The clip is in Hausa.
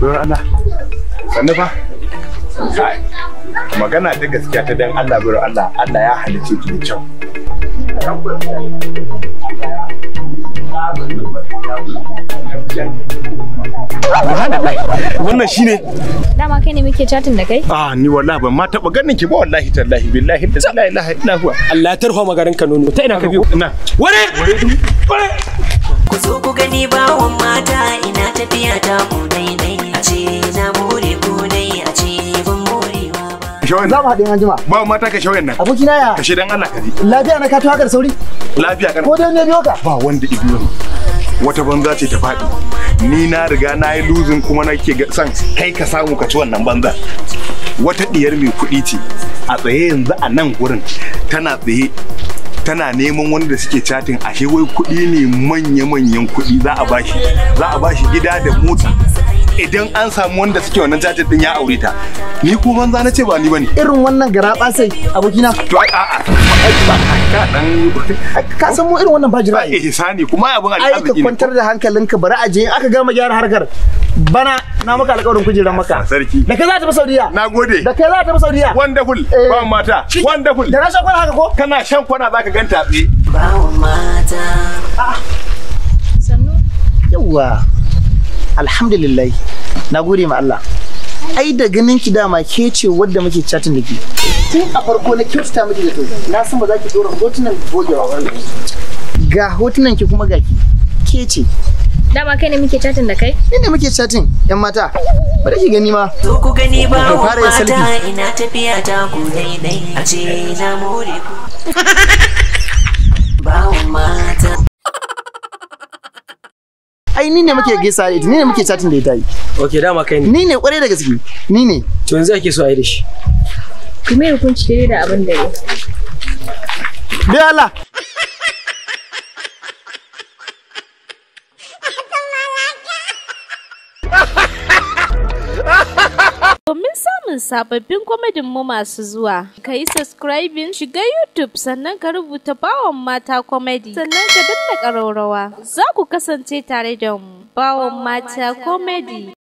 Don Allah. Sannu fa. Magana ta gaskiya ta dan Allah biro Allah. Allah ya halice ki da kyau. wannan shine dama kai ne muke chatin da kai a ah, ni wallahi ban ma taba ganin ki ba wallahi tallahi billahi la ilaha illa huwa Allah ya tarho magarin Kano ta ina ka biyo ina ware ware ku zo ku gani bawon mata kashe wayan za mu haɗe an jima ba mata ka wayan nan abokina ya kashe dan Allah ka ji lafiya na ka to haka sauri lafiya kana ko dai ne biyo ka ba wanda ibiyo wata banza ce ta faɗi ni na riga na yi luzin kuma nake son kai ka samu ka ci wannan banza wata diyar mai kuɗi ce a tsaye yanzu a nan gurin tana tsaye tana neman wanda da suke chatting ashe wai kuɗi ne manya-manyan kuɗi za a bashi za a bashi gida da mota idan an samu wanda suke wannan jajin din ya aure ta ni ko banza na ce ba ni bane irin wannan gara basai abokina to a a ka dan ka san mu irin wannan ba jira eh sani kuma abin al'amari ai ka kwantar da hankalinka bari a je aka gama gyara harkar bana na maka alƙawarin kujerar maka sarki da kai za ta fi saudiya na gode da kai za ta fi saudiya wonderful eh. ba mata wonderful da na shan kwana haka ko kana shan kwana zaka ganta tsaye ba mata ah. sannu yawa alhamdulillah na gode ma Allah ai da ganin ki dama ke ce wadda muke chatin da ke tun a farko na kyautata miki da to na san ba za ki dora hotunan gogewa wannan ga hotunan ki kuma ga ki ke ce dama kai ne muke chatin da kai ni ne muke chatin yan mata ba da ki gani ma to ku gani ba yin mata ina tafiya ta ku dai dai a ce na more ku ba mu ai ni ne muke gaisa da ita ni ne muke chatting da ita yi okay dama kai ne ni ne kwarai da gaske ni ne to yanzu ake so a yi da shi kuma hukunci da abin da ne Dai Allah samun sababbin kwamedin mu masu zuwa. Ka yi subscribing shiga YouTube sannan ka rubuta bawon mata komedi. sannan ka danna ƙaraurawa. Za ku kasance tare da mu. Bawon mata komedi.